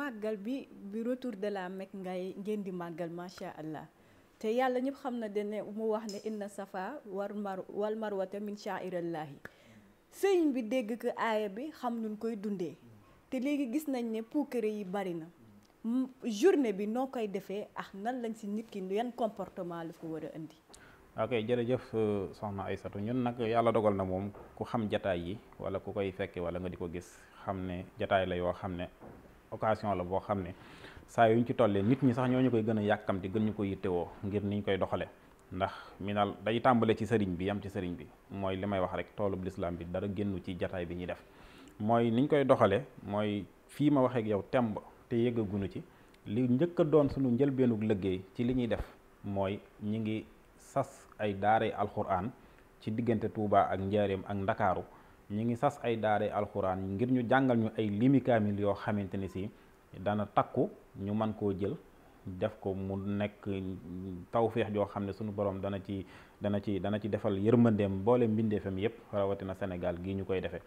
màggal bi bi retour de la Mecque ngay ngeen di màggal macha allah te yàlla ñëpp xam na ne mu wax ne inna safa war mar wal marwata min sëñ bi dégg ko aaya bi xam nuñ koy dundee te léegi gis nañ ne puukare yi bari na journée bi noo koy defee ak ah, nan lañ si nit ki yan comportement la ko war a indi. ok jërëjëf euh, soxna Aysatu ñun nag yàlla dogal na moom ku xam jataay yi wala ku koy fekke wala nga di ko gis xam ne jataay la yoo xam ne occasion la boo xam ne saa yuñ ci tollee nit ñi sax ñoo ñu koy gën a yàkkamti gën ñu ko yittewoo ngir niñ koy doxale ndax minal day tàmbale ci sëriñ bi yam ci sëriñ bi mooy li may wax rek toolub lislaam bi dara génnu ci jataay bi ñuy def mooy niñ koy doxale mooy fii ma waxeek yow temb te yëggagunu ci li njëkk a doon suñu njëlbeenug liggéey ci li ñuy def mooy ñu ngi sas ay daaray alxuraan ci diggante tuubaa ak Njaaréem ak Ndakaaru ñi ngi sas ay daare alxuraan ngir ñu jàngal ñu ay limi kaamil yoo xamante ni si dana takku ñu mën koo jël def ko mu nekk tawféex yoo xam ne suñu borom dana ci dana ci dana ci defal yërmandeem boole mbindeefam yépp rawatina Sénégal gii ñu koy defee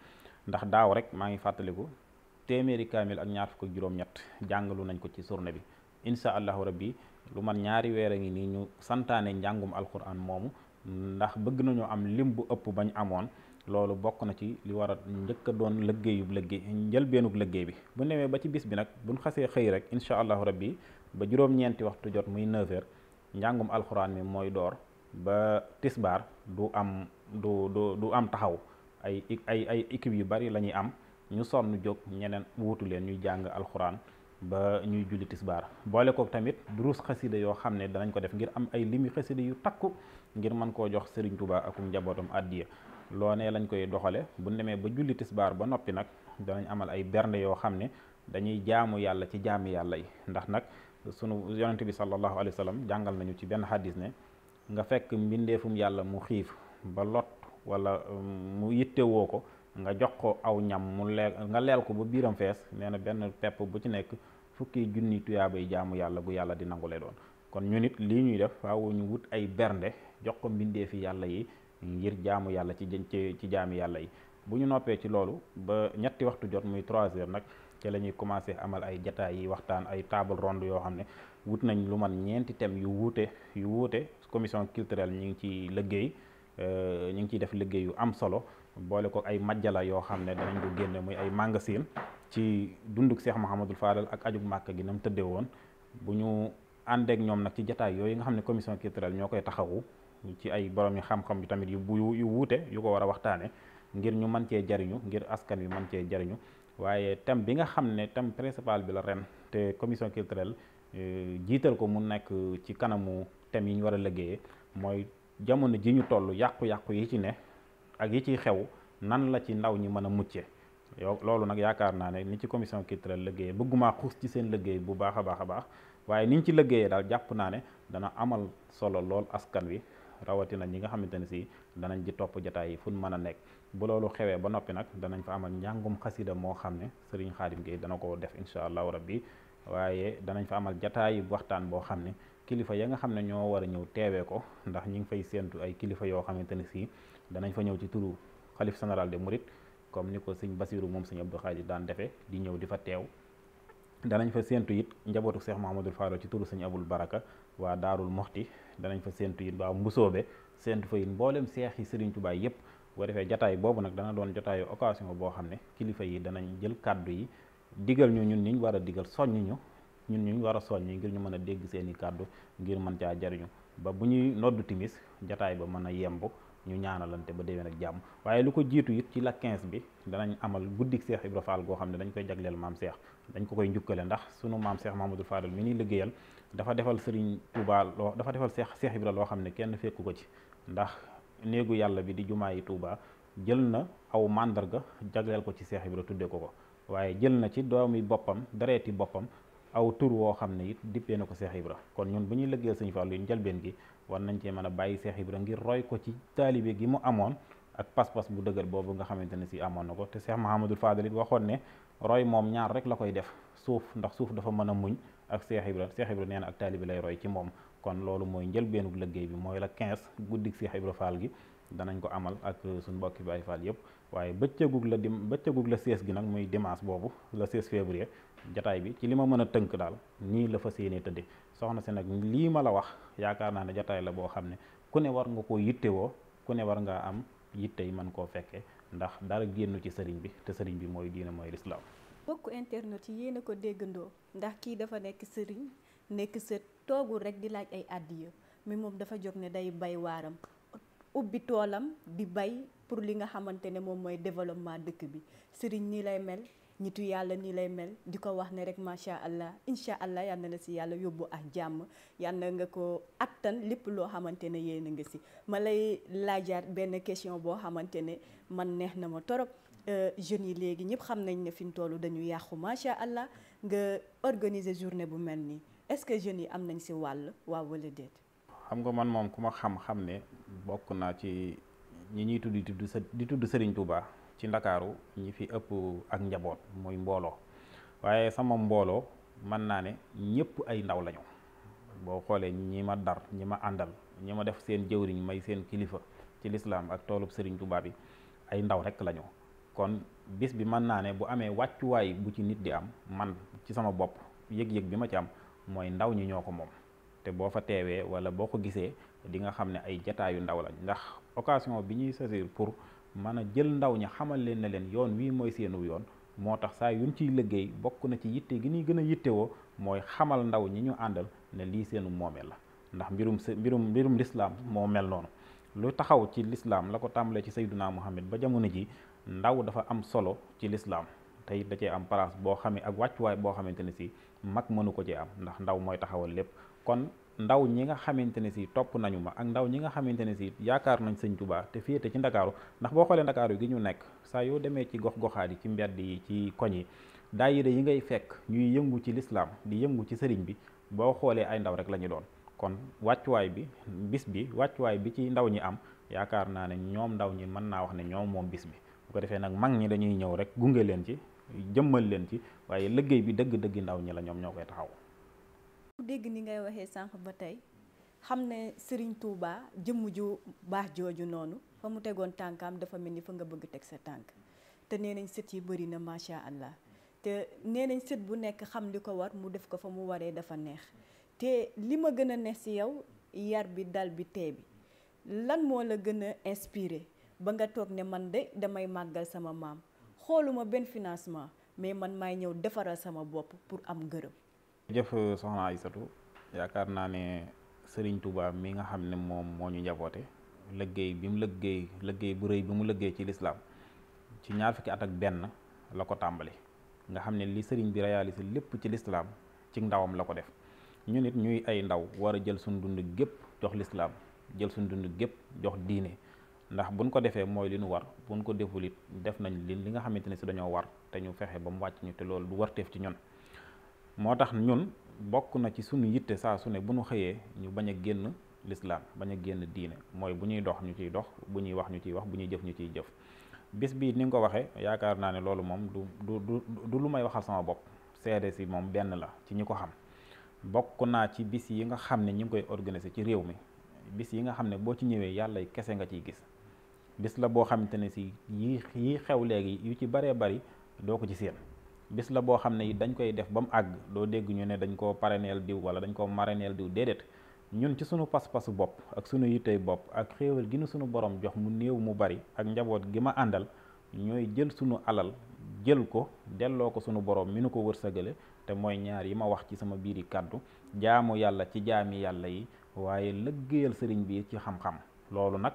ndax daaw rek maa ngi fàttaliku téeméeri kaamil ak ñaar fukk ak juróom-ñett jàngalu nañ ko ci journée bi incha allahu rabbi lu man ñaari weer a ngi nii ñu santaane njàngum alxuraan moomu ndax bëgg nañoo am lim bu ëpp bañ amoon loolu bokk na ci li war a njëkk a doon liggéeyub léggéey njëlbeenug liggéey bi bu newee ba ci bis bi nag buñ xasee xëy rek incha allahu rabbi ba juróom-ñeenti waxtu jot muy 9 njàngum alxuraan bi mooy door ba tisbaar du am du du du am taxaw ay ay ay yu bari la ñuy am ñu sonn jóg ñeneen wutu leen ñuy jàng alxuraan ba ñuy julli tisbaar boole kook tamit duruus xasida yoo xam ne danañ ko def ngir am ay limi xasida yu takku ngir mën koo jox Serigne Touba akum njabootam addiya loo ne lañ koy doxale bu demee ba julli tisbaar ba noppi nag danañ amal ay bernde yoo xam ne dañuy jaamu yàlla ci jaami yàlla yi ndax nag sunu yonent bi sallallahu alayhi wa sallam jàngal nañu ci benn xadis ne nga fekk mbindeefum yàlla mu xiif ba lot wala um, mu yittewoo ko nga jox ko aw ñam mu le nga leel ko ba biiram fees nee na benn pepp bu ci nekk fukki junni tuyaabay jaamu yàlla bu yàlla di nangu lee doon kon ñu nit lii ñuy def faaw ñu wut ay bernde jox ko mbindeefi yàlla yi ngir jaamu yàlla ci ci ci jaami yàlla yi bu ñu noppee ci loolu ba ñetti waxtu jot muy trois heures nag ci la ñuy commencé amal ay jataay yi waxtaan ay table ronde yoo xam ne wut nañ lu man ñeenti thèmes yu wuute yu wuute commission culturelle ñi ngi ci liggéey euh, ñu ngi ciy def liggéey yu am solo boole ko ay majjala yoo xam ne danañ du génne muy ay magasin ci dunduk ma Mouhamadul Fadal ak ajug màkk gi nam tëddee woon bu ñu àndeek ñoom nag ci jataay yooyu nga xam ne commission culturelle ñoo koy taxawu ci ay borom yu xam-xam tamit yu bu yu wuute yu ko war a waxtaane ngir ñu mën cee jariñu ngir askan wi mën cee jariñu waaye thème bi nga xam ne thème principal bi la ren te commission culturelle euh, jiital ko mu nekk ci kanamu thème yi ñu war a liggéeyee mooy jamono ji ñu toll yàqu-yàqu yi ci ne ak yi ciy xew nan la ci ndaw ñi mën a muccee yow loolu nag yaakaar naa ne ni ci commission culturelle liggéeye bëgguma xuus ci seen liggéey bu baax a baax a baax waaye niñ ci liggéeyee daal jàpp naa ne dana amal solo lool askan wi rawatina ñi nga xamante ne si danañ ji topp jataay yi fu mën a nekk bu loolu xewee ba noppi nag danañ fa amal njàngum xasida moo xam ne Serigne Khadim Gueye dana ko def incha allahu waaye danañ fa amal jataayu waxtaan boo xam ne kilifa ya nga xam ne ñoo war a ñëw teewee ko ndax ñi ngi fay séentu ay kilifa yoo xamante ne si danañ fa ñëw ci turu xalif général des mourides comme ni ko sëñ Basiru moom sëñ Abdou Khadir daan defee di ñëw di fa teew danañ fa séentu it njabootu Cheikh Mahamadul Faadal ci turu sëñ Abul Baraka waa daarul moxti danañ fa séentu yin waa mbusoobe séentu fa yin mboolem seex yi Serigne Touba yëpp boo defee jataay boobu nag dana doon jataayu occasion boo xam ne kilifa yi danañ jël kàddu yi digal ñu ñun ñu war a digal soññ ñu ñun ñu war a soññ ngir ñu mën a dégg seeni kàddu ngir mën caa jariñu ba bu ñuy noddu timis jataay ba mën a yemb ñu ñaanalante ba déwén ak jàmm waaye lu ko jiitu it ci la 15 bi danañ amal guddik Seex Ibra Faal goo xam ne dañ koy jagleel maam Seex dañ ko koy njukkale ndax sunu maam Seex Mamadou Fadal mi ñuy liggéeyal dafa defal sëriñ Touba loo dafa defal Seex Seex Ibra loo xam ne kenn fekku ko ci ndax néegu yàlla bi di jumaa yi Touba jël na aw màndarga jagleel ko ci Seex Ibra tudde ko ko waaye jël na ci doomi boppam dareeti boppam aw tur woo xam ne it dippee na ko Seex Ibra kon ñun bu ñuy lëggeel sëñ fa yi njëlbeen gi war nañ cee mën a bàyyi Seex Ibra ngir roy ko ci taalibee gi mu amoon ak pas-pas bu dëgër boobu nga xamante ne si amoon na ko te Seex Mahamadul Fadal it waxoon ne roy moom ñaar rek la koy def suuf ndax suuf dafa mën a muñ ak Seex Ibra Seex Ibra nee na ak taalibi lay roy ci moom kon loolu mooy njëlbeenug liggéey bi mooy la 15 guddik Seex Ibra Faal gi danañ ko amal ak suñ mbokki Baay Faal yëpp waaye bëccëgug la dim bëccëgug la sees gi nag muy dimanche boobu le 16 février jataay bi ci li ma mën a tënk daal nii la fas yéene tëdde soxna si nag lii ma la wax yaakaar naa ne jataay la boo xam ne ku ne war nga koo yittewoo ku ne war ngaa am yitte yi mën koo fekke ndax dara génnu ci sëriñ bi te sëriñ bi mooy diine mooy lislaam bokk internet yi yéen a ko déggandoo ndax kii dafa nekk sëriñ nekk sët toogul rek di laaj ay àddiya mi moom dafa jot ne day bay waaram ubbi toolam di bay pour li nga xamante ne moom mooy développement dëkk bi sëriñ nii lay mel ñitu yàlla nii lay mel di ko wax ne rek macha allah incha allah yal na si yàlla yóbbu ak jàmm yal nga ko attan lépp loo xamante ne yéen a nga si ma lay laajaat benn question boo xamante ne man neex na ma torop Euh, jeunes yi léegi ñëpp xam nañ ne fi mu toll dañu yàqu macha allah nga organiser journée bu mel ni est-ce que jeunes yi am nañ si wàll waaw wala déet. xam nga man moom ku ma xam-xam ne bokk naa ci ñi ñuy tudd di tudd Serigne Touba ci Ndakaaru ñi fi ëpp ak njaboot muy mbooloo waaye sama mbooloo mën naa ne ñëpp ay ndaw lañu boo xoolee ñi ma dar ñi ma àndal ñi ma def seen jëwriñ may seen kilifa ci lislaam ak toolub Serigne Touba bi ay ndaw rek lañu kon bis bi mën naa ne bu amee wàccuwaay bu ci nit di am man ci sama bopp yëg-yëg bi ma ci am mooy ndaw ñi ñoo ko moom te boo fa teewee wala boo ko gisee di nga xam ne ay jataayu ndaw la ndax occasion bi ñuy saisir pour mën a jël ndaw ñi xamal leen ne leen yoon wii mooy seenu yoon moo tax saa yuñ ciy liggéey bokk na ci yitte gi ñuy gën a yittewoo mooy xamal ndaw ñi ñu àndal ne lii seenu moomeel la ndax mbirum mbirum mbirum lislaam moo mel noonu lu taxaw ci lislaam la ko tàmbalee ci sayduna muhammad ba jamono ji ndaw dafa am solo ci lislaam tey it da cee am place boo xamee ak wàccuwaay boo xamante ne si mag mënu ko cee am ndax ndaw mooy taxawal lépp kon ndaw ñi nga xamante ne si topp nañu ma ak ndaw ñi nga xamante ne si yaakaar nañ sëñ Tuubaa te te ci ndakaaru ndax boo xoolee ndakaaru gi ñu nekk saa yoo demee ci gox goxaat yi ci mbedd yi ci koñ yi daayira yi ngay fekk ñuy yëngu ci lislaam di yëngu ci sëriñ bi boo xoolee ay ndaw rek la ñu doon kon wàccuwaay bi bis bi wàccuwaay bi ci ndaw ñi am yaakaar naa ne ñoom ndaw ñi mën naa wax ne ñoom moom bis bu ko defee nag mag ñi dañuy ñëw rek gunge leen ci jëmmal leen ci waaye liggéey bi dëgg-dëgg ndaw ñi la ñoom ñoo koy taxaw. ku dégg ni ngay waxee sànq ba tey xam ne sëriñ Touba jëmm ju baax jooju noonu fa mu tegoon tànkam dafa mel ni fa nga bëgg teg sa tànk te nee nañ sët yi bëri na macha allah te neenañ nañ sët bu nekk xam li ko war mu def ko fa mu waree dafa neex te li ma gën a neex si yow yar bi dal bi tee bi lan moo la gën a inspire ba nga toog ne man de damay màggal sama maam xooluma benn financement mais man may ñëw defaral sama bopp pour am ngërëm. jëf soxna Aïssatou yaakaar naa ne Serigne Touba mi nga xam ne moom moo ñu njaboote liggéey bi mu liggéey liggéey bu rëy bi mu liggéey ci lislaam ci ñaar fukki at ak benn la ko tàmbali nga xam ne li Serigne bi réalisé lépp ci lislaam ci ndawam la ko def ñu nit ñuy ay ndaw war a jël suñ dund gépp jox lislaam jël suñ dund gépp jox diine ndax bu buñ ko defee mooy li ñu war buñ ko deful it def nañ li li nga xamante ne si dañoo war te ñu fexe ba mu wàcc ñu te loolu du warteef ci ñun moo tax ñun bokk na ci suñu yitte saa su ne bu ñu xëyee ñu bañ a génn lislaam bañ a génn diine mooy bu ñuy dox ñu ciy dox bu ñuy wax ñu ciy wax bu ñuy jëf ñu ciy jëf bis bii ni nga ko waxee yaakaar naa ne loolu moom du du du du lu may waxal sama bopp seede si moom benn la ci ñi ko xam bokk naa ci bis yi nga xam ne ñi ngi koy organiser ci réew mi bis yi nga xam ne boo ci ñëwee yàlla kese nga ciy gis bis la boo xamante ne si yi yi xew léegi yu ci baree bari doo ko ci seen bis la boo xam ne dañ koy def ba mu àgg doo dégg ñu ne dañ koo pareneel diw wala dañ koo mareneel diw déedéet ñun ci sunu pas-pasu bopp ak sunu yittey bopp ak xéewal gi nu sunu borom jox mu néew mu bari ak njaboot gi ma àndal ñooy jël sunu alal jël ko delloo ko sunu borom mi nu ko wër wërsëgale te mooy ñaar yi ma wax ci sama biir yi kàddu jaamu yàlla ci jaami yàlla yi waaye lëggéeyal sëriñ bi ci xam loolu nag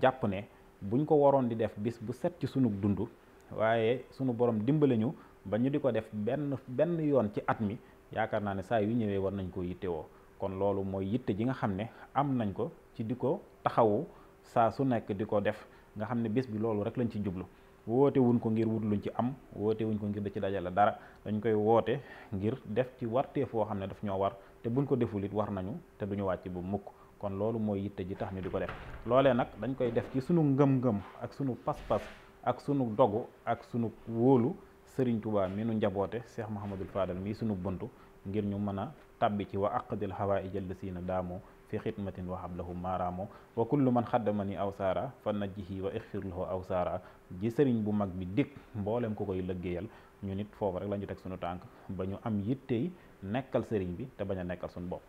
jàpp ne buñ ko waroon di def bis bu set ci sunu dund waaye sunu borom dimbale ñu ba ñu di ko def benn benn yoon ci at mi yaakaar naa ne saa yu ñëwee war nañ koo woo kon loolu mooy yitte ji nga xam ne am nañ ko ci di ko taxawu saa su nekk di ko def nga xam ne bis bi loolu rek lañ ci jublu wootewuñ ko ngir wut luñ ci am woote wuñ ko ngir da ci dajale dara dañ koy woote ngir def ci wartee foo xam ne daf ñoo war te buñ ko deful it war nañu te duñu wàcc bu mukk kon loolu mooy yitte ji tax ñu di ko def loolee nag dañ koy def ci sunu ngëm-ngëm ak sunu pas-pas ak sunu dogu ak sunu wóolu Serigne Touba mi nu njaboote Cheikh Mouhamadul Fadal mii sunu buntu ngir ñu mën a tabbi ci wa aqdil hawaa'ij allasiina daamu fi xidmatin wa hablahum maaraamu wa kullu man xaddamani aw saara fa najjihi wa ixfir lahu aw saara ji sëriñ bu mag bi dikk mboolem ko koy liggéeyal ñu nit foofu rek la ñu teg sunu tànk ba ñu am yittey nekkal sëriñ bi te bañ a nekkal sunu bopp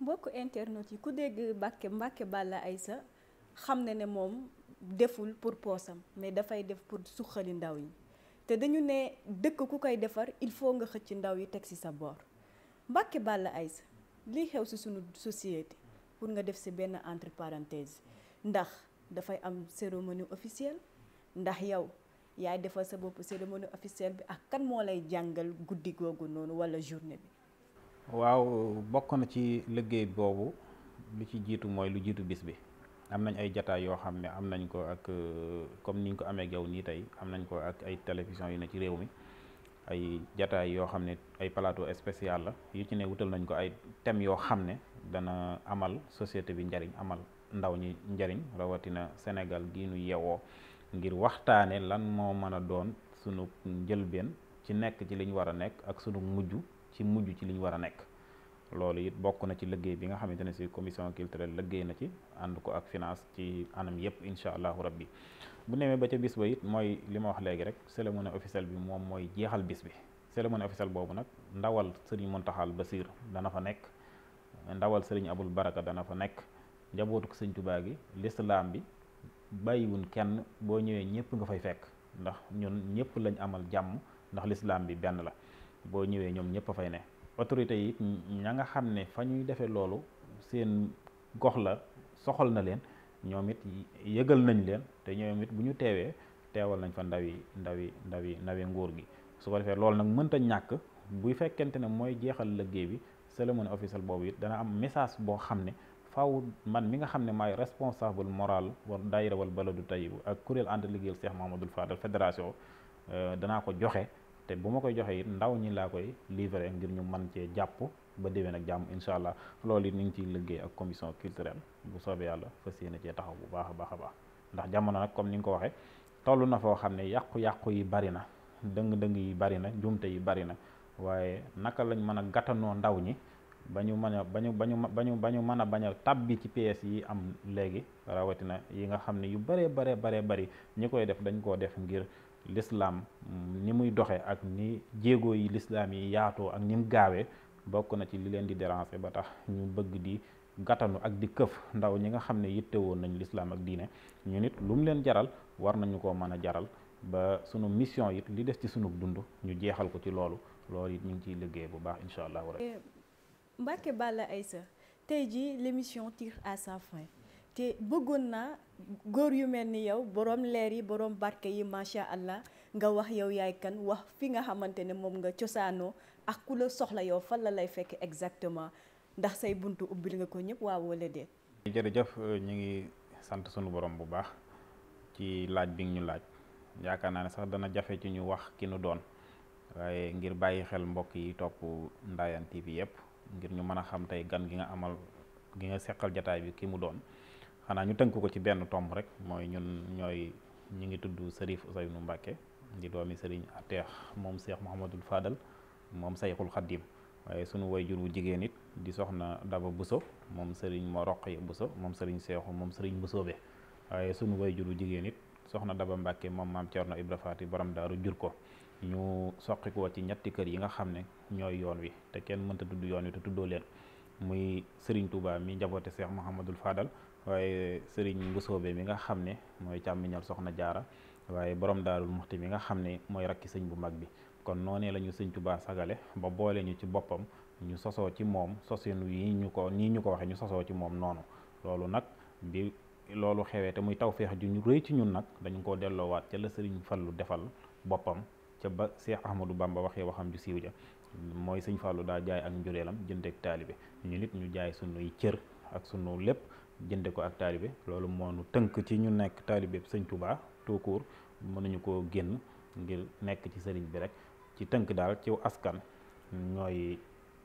mbokk internet yi ku dégg Mbacke Mbacke Balla Aïssa xam na ne moom deful pour poosam mais dafay def pour suqali ndaw yi te dañu ne dëkk ku koy defar il faut nga xëcc ndaw yi teg ci sa bor Mbacke Balla Aïssa lii xew ci sunu société pour nga def ci benn entre parenthèse ndax dafay am cérémonie officielle ndax yow yaay defal sa bopp cérémonie officielle bi ak kan moo lay jàngal guddi googu noonu wala journée bi. waaw bokk na ci liggéey boobu lu ci jiitu mooy lu jiitu bis bi am nañ ay jataay yoo xam ne am nañ ko ak comme niñ ko amee yow nii tey am nañ ko ak ay télévision yu ne ci réew mi ay jataay yoo xam ne ay plateau spécial la yu ci ne wutal nañ ko ay thèmes yoo xam ne dana amal société bi njariñ amal ndaw ñi njariñ rawatina Sénégal gi nu yewoo ngir waxtaane lan moo mën a doon sunu njëlbeen ci nekk ci li ñu war a nekk ak sunu mujj ci mujj ci li ñu war a nekk loolu it bokk na ci liggéey bi nga xamante ne si commission culturelle liggéey na ci ànd ko ak finance ci anam yëpp incha allahu rabbi bu nemee ba ca bis ba it mooy li ma wax léegi rek cérémonie officielle bi moom mooy jeexal bis bi cérémonie officielle boobu nag ndawal sëriñ Muntaxal Basiir dana fa nekk ndawal sëriñ Abul Baraka dana fa nekk njabootu sëñ tubaa gi lislaam bi bàyyiwun kenn boo ñëwee ñëpp nga fay fekk ndax ñun ñëpp lañ amal jàmm ndax lislaam bi benn la boo ñëwee ñoom ñëpp a fay ne autorités yi ña nga xam ne fa ñuy defee loolu seen gox la soxal na leen ñoom it yëgal nañ leen te ñoom it bu ñu teewee teewal nañ fa ndawi ndawi ndawi ndawi nguur gi su ko defee loolu nag mënta ñàkk buy fekkente ne mooy jeexal liggéey bi cérémonie officielle boobu it dana am message boo xam ne faaw man mi nga xam ne maay responsable moral war daayira wal baladu tayyib ak kuréel ànd liggéeyal Cheikh Mahamadul Fadal fédération euh, danaa ko joxe te bu ma koy joxee it ndaw ñi laa koy livrer ngir ñu mën cee jàpp ba dewee nag jàmm incha allah loolu it ñu ngi ciy liggéey ak commission culturelle bu soobee yàlla fa yéene cee taxaw bu baax a baax a baax ndax jamono nag comme ni nga ko waxee tollu na foo xam ne yàqu-yàqu yi bari na dëng-dëng yi bari na njuumte yi bari na waaye naka lañ mën a gàttanoo ndaw ñi ba ñu mën a ba ñu ba ñu ba mën a bañ a tàbbi ci PS yi am léegi rawatina yi nga xam ne yu bëree baree baree bari ñu koy def dañ koo def ngir lislaam ni muy doxe ak ni jéego yi lislaam yi yaatoo ak ni mu gaawee bokk na ci li leen di déranger ba tax ñu bëgg di gàttanu ak di këf ndaw ñi nga xam ne yitte woon nañ lislaam ak diine ñu nit lu mu leen jaral war nañu ko mën a jaral ba sunu mission yit li def ci sunu dund ñu jeexal ko ci loolu lool it ñu ngi ciy liggéey bu baax incha allah. Eh, Mbacké Balla Aïssa tey jii l'émission tire à sa te bëggoon naa góor yu mel ni yow borom leer yi borom barke yi macha allah nga wax yow yaay kan wax fi nga xamante ne moom nga cosaanoo ak ku la soxla yow fan la lay fekk exactement ndax say buntu ubbil nga ko ñëpp waaw wala déet. jërëjëf ñu ngi sant sunu borom bu baax ci laaj bi ñu laaj yaakaar naa ne sax dana jafe ci ñu wax ki nu doon waaye ngir bàyyi xel mbokk yi topp Ndayane bi yëpp ngir ñu mën a xam tey gan gi nga amal gi nga seqal jataay bi ki mu doon. xanaa ñu tënk ko ci benn tomb rek mooy ñun ñooy ñu ngi tudd Serif Ousseynou Mbacké di doomi sëriñ Ateex moom seex Mouhamadul faadal moom Sayxul Xaddim waaye sunu wayjur wu jigéen it di soxna Daba Bousso moom sëriñ Mor Roqaya Bousso moom sëriñ Seexu moom sëriñ Bousso be waaye sunu wayjur wu jigéen it soxna Daba Mbacké moom maam Cerno Ibra Faati borom daaru jur ko ñu soqi ko ci ñetti kër yi nga xam ne ñooy yoon wi te kenn mënta tudd yoon wi te tuddoo leen muy sëriñ Touba mi njaboote Cheikh Mouhamadul faadal waaye sëriñ soobee mi nga xam ne mooy càmmiñal soxna jaara waaye borom daalul muxti mi nga xam ne mooy rakki sëñ bu mag bi kon noonee la ñu sëñ Tuubaa sagale ba boole ñu ci boppam ñu sosoo ci moom sosin yi ñu ko nii ñu ko waxee ñu sosoo ci moom noonu loolu nag bi loolu xewee te muy tawféex ju ñu rëy ci ñun nag dañu koo delloowaat ca la sëriñ Fallu defal boppam ca ba Seex Ahmadou Bamba waxee waxam ju siiw ja mooy sëñ Fallu daa jaay ak njureelam jëndeek taalibe ñu nit ñu jaay sunuy cër ak sunu lépp jënde ko ak taalibe loolu moo tënk ci ñu nekk taalibe sëñ Touba tout mën nañu koo génn ngir nekk ci sëriñ bi rek ci tënk daal ciw askan ñooy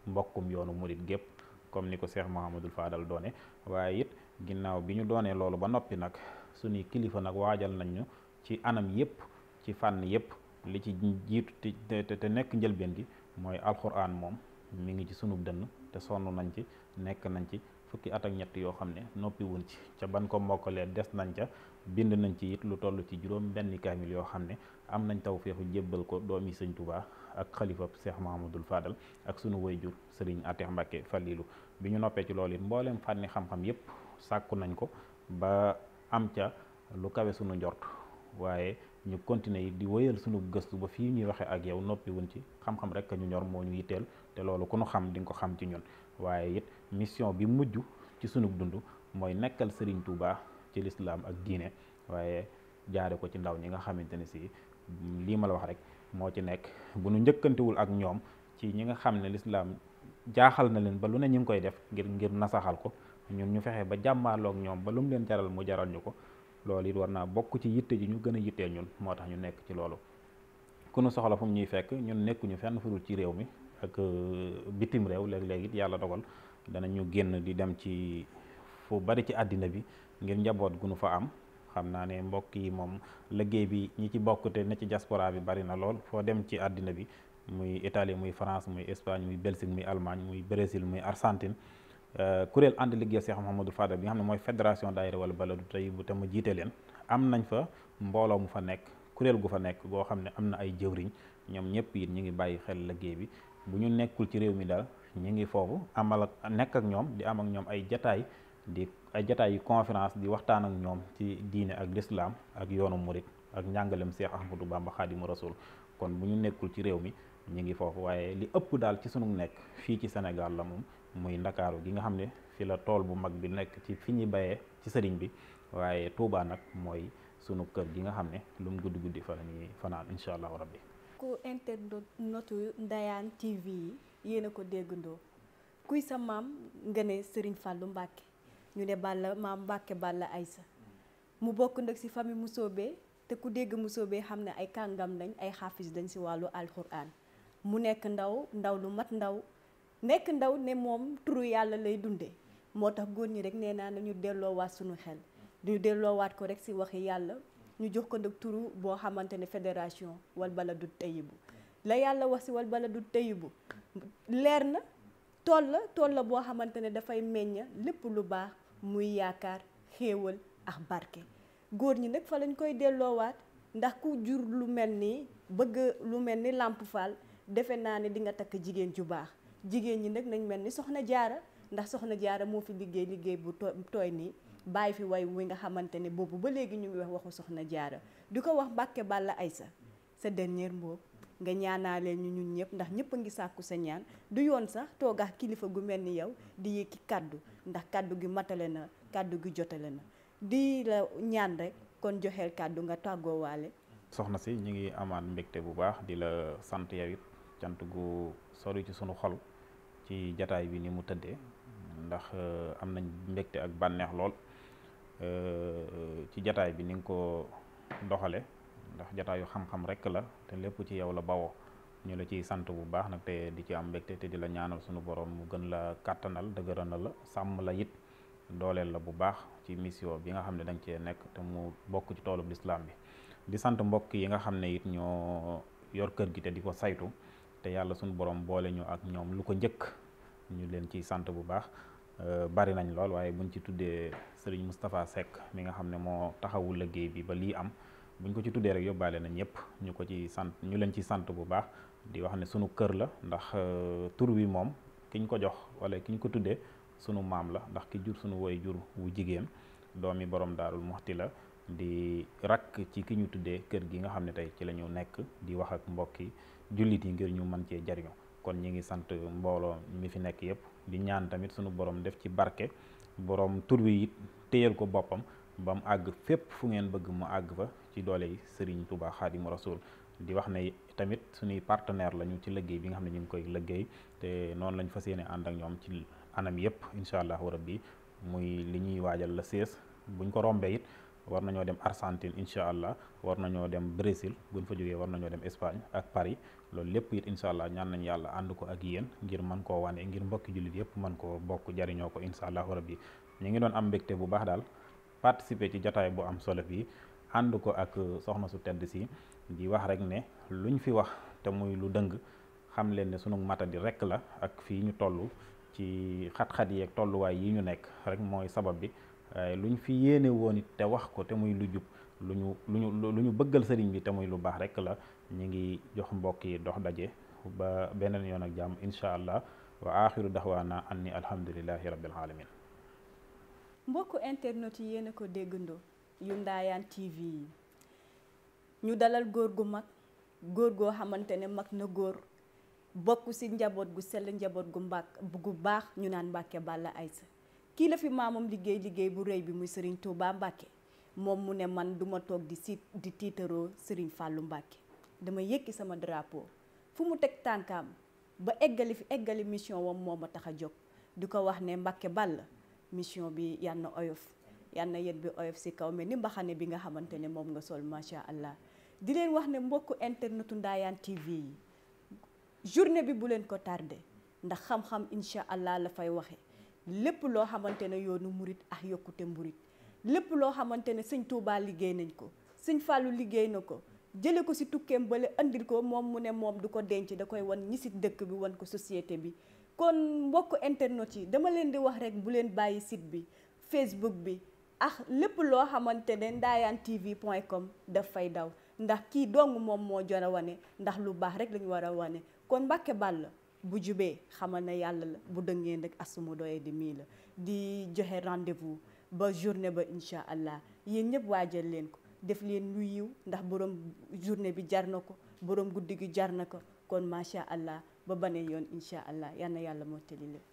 mbokkum yoonu murit gépp comme ni ko Cheikh Mouhamadul faadal doone waaye it ginnaaw bi ñu doonee loolu ba noppi nag sunuy kilifa nag waajal nañ ñu ci anam yépp ci fànn yépp li ci jiitu te te nekk njëlbeen gi mooy alxuraan moom mi ngi ci sunub dënn te sonn nañ ci nekk nañ ci fukki at ak ñett yoo xam ne noppi wuñ ci ca ban ko mokkalee des nañ ca bind nañ ci it lu toll ci juróom benn kaamil yoo xam ne am nañ taw feexu jébbal ko doomi sëñ Touba ak xalifa Cheikh Mahamadul Fadal ak sunu wayjur sëriñ Atex Mbàkke Falilu bi ñu noppee ci lool yi mbooleem fànni xam-xam yépp sàkku nañ ko ba am ca lu kawe sunu njort waaye ñu continuer yi di woyal sunu gëstu ba fii ñuy waxee ak yow noppi wuñ ci xam rek ñu ñor moo ñu te loolu ku nu xam di nga ko xam ci ñun waaye it mission bi mujj ci sunu dund mooy nekkal Serigne Touba ci lislaam ak diine waaye jaare ko ci ndaw ñi nga xamante ne si lii ma la wax rek moo ci nekk bu nu njëkkantewul ak ñoom ci ñi nga xam ne lislaam jaaxal na leen ba lu ne ñu ngi koy def ngir ngir nasaxal ko ñun ñu fexe ba jàmmaarloog ñoom ba lu mu leen jaral mu jaral ñu ko loolu it war naa bokk ci yitte ji ñu gën a yitteel ñun moo tax ñu nekk ci loolu ku nu soxla fu ñuy fekk ñun nekkuñu fenn fu ci réew mi ak euh, bitim réew léeg-léeg yàlla dogal dana ñu génn di dem ci fu bari ci àddina bi ngir njaboot gu nu fa am xam naa ne mbokk yi moom liggéey bi ñi ci bokk te ne ci diaspora bi bari na lool foo dem ci àddina bi muy Italie muy France muy Espagne muy Belgique muy Allemagne muy Brésil muy Argentine euh, kuréel ànd liggéey Cheikh Mouhamadou Fadal bi nga xam ne mooy fédération daayira wal baladu tey bu te mu jiite leen am nañ fa mbooloo mu fa nekk kuréel gu fa nekk goo xam ne am na ay jëwriñ ñoom ñëpp it ñu ngi bàyyi xel liggéey bi bu ñu nekkul ci réew mi daal ñu ngi foofu amal ak nekk ak ñoom di am ak ñoom ay jataay di ay jataay yu conférence di waxtaan ak ñoom ci diine ak lislaam ak yoonu murit ak njàngalem Seex Ahmadu Bamba Xaadimu Rasuul kon bu ñu nekkul ci réew mi ñu ngi foofu waaye li ëpp daal ci sunu nekk fii ci Sénégal la moom muy ndakaaru gi nga xam ne fi la tool bu mag bi nekk ci fi ñuy bayee ci sëriñ bi waaye Touba nag mooy sunu kër gi nga xam ne lu mu gudd guddi fa la ñuy fanaan incha allahu rabbi mbokku internetu Ndayane TV yi yéen a ko déggandoo kuy sa maam nga ne Serigne Fallou Mbacke ñu ne Balla maam Mbacke Balla Aïssa mu bokk nag si famille musóobee te ku dégg musóobee xam ne ay kàngam lañ ay xaafis dañ si wàllu alxuraan mu nekk ndaw ndaw lu mat ndaw nekk ndaw ne moom turu yàlla lay dunde moo tax góor ñi rek nee naa nañu delloowaat suñu xel ñu delloowaat ko rek ci waxi yàlla ñu jox ko nag turu boo xamante ne fédération wal bala du tayibu la yàlla wax si wal bala du tayibu leer na tool la tool la boo xamante ne dafay meññ lépp lu baax muy yaakaar xéewal ak barke góor ñi nag fa lañ koy delloowaat ndax ku jur lu mel ni bëgg lu mel ni Lamp Fall defe naa ne di nga takk jigéen ju baax jigéen ñi nag nañ mel ni soxna jaara ndax soxna jaara moo fi liggéey liggéey bu tooy nii bàyyi fi way wi nga xamante ne boobu ba léegi ñu ngi waxu soxna jaara di ko wax Mbàkke Balla Aysa sa dernier mot nga ñaanaale ñu ñun ñëpp ndax ñëpp a ngi sàkku sa ñaan du yoon sax toogax kilifa gu mel ni yow di yëkki kàddu ndax kàddu gi matale na kàddu gi jotale na di la ñaan rek kon joxeel kàddu nga tàggoowaale soxna si ñu ngi amaan mbegte bu baax di la sant yow it cant gu sori ci sunu xol ci jataay bi ni mu tëddee ndax euh, am nañ mbegte ak bànneex lool ci jataay bi ni ko doxale ndax jataayu xam-xam rek la te lépp ci yow la bawoo ñu la ciy sant bu baax nag te di ci am mbégte te di la ñaanal sunu borom mu gën la kàttanal dëgëranal la sàmm la it dooleel la bu baax ci mission bi nga xam ne da nga cee nekk te mu bokk ci toolub lislaam bi di sant mbokk yi nga xam ne it ñoo yor kër gi te di ko saytu te yàlla sunu borom boole ñu ak ñoom lu ko njëkk ñu leen ciy sant bu baax Euh, bari nañ lool waaye buñ ci tuddee sëriñ Moustapha Seck mi nga xam ne moo taxawul liggéey bi ba lii am buñ ko ci tuddee rek yóbbaale nañ ñëpp ñu ko ci sant ñu leen ci sant bu baax di wax ne sunu kër la ndax euh, tur wi moom kiñ ko jox wala kiñ ko tuddee sunu maam la ndax ki jur sunu woy jur wu jigéen doomi borom daalul moxti la di rakk ci ki ñu tuddee kër gi nga xam ne tey ci la ñu nekk di wax ak mbokki jullit yi ngir ñu mën cee jariñu kon ñi ngi sant mbooloo mi fi nekk yëpp di ñaan tamit sunu borom def ci barke borom tur wi it téyal ko boppam ba mu àgg fépp fu ngeen bëgg mu àgg fa ci doole yi Serigne Touba Xaadimu Rasuul di wax ne tamit suñuy partenaire lañu ci liggéey bi nga xam ne ñu ngi koy liggéey te noonu lañ fa yéene ànd ak ñoom ci anam yëpp incha allahu rabbi muy li ñuy waajal la sées buñ ko rombee it war nañoo dem Argentine incha allah war nañoo dem Brésil buñ fa jógee war nañoo dem Espagne ak Paris loolu lépp it incha allah ñaan nañ yàlla ànd ko ak yéen ngir mën koo wane ngir mbokki jullit yëpp man koo bokk jariñoo ko incha allah rabbi ñu ngi doon am mbégte bu baax daal participer ci jotaay bu am solo bi ànd ko ak soxna su tedd si di wax rek ne luñ fi wax te muy lu dëng xam leen ne sunu matadi rek la ak fii ñu toll ci xat-xat yi ak tolluwaay yi ñu nekk rek mooy sabab bi waaye lu ñu fi yéene woon it te wax ko te muy lu jub lu ñu lu ñu lu ñu bëggal sëriñ bi te muy lu baax rek la ñu ngi jox mbokk yi dox daje ba beneen yoon ak jàmm incha allah wa aaxiru daxwaana anni alhamdulilahi rabbil alamin mbokku internet yi yéen ko déggandoo yu ndaayaan TV yi ñu dalal góor gu mag góor goo xamante ne mag na góor bokk ci njaboot gu sell njaboot gu mbàkk gu baax ñu naan mbakke Balla Aysa kii la fi maamam liggéey liggéey bu rëy bi muy Serigne Touba Mbacke moom mu ne man du ma toog di si di tiitaroo Serigne fàllu Mbacke dama yëkki sama drapeau fu mu teg tànkam ba eggali fi eggali mission wam moom ma tax a jóg di ko wax ne Mbacke ball mission bi yal oyof yal na yet bi oyof si kaw mel ni mbaxane bi nga xamante ne moom nga sol macha allah di leen wax ne mbokk internetu ndaayaan TV yi journée bi bu leen ko tardé ndax xam-xam incha allah la fay waxe lépp loo xamante ne yoonu murit ak yokkute mburit lépp loo xamante ne sëñ Touba liggéey nañ ko sëñ Fallou liggéey na ko jële ko si tukkeem bale andil ko moom mu ne moom du ko denc da koy wan ñi dëkk bi wan ko société bi kon mbokk internet yi dama leen di wax rek bu leen bàyyi sit bi Facebook bi ak lépp loo xamante ne ndaayaan tv point com daf fay daw ndax kii dong moom moo jor a wane ndax lu baax rek lañu war a wane kon Mbàkke Bàll bu jubee xamal na yàlla la bu dëngee nag asuma doye di mii la di joxe rendez-vous ba journée ba incha allah yéen ñëpp waajal leen ko def leen lu yiw ndax borom journée bi jar na ko borom guddi gi jar na ko kon macha allah ba banee yoon incha allah yal yàlla moo tëli lépp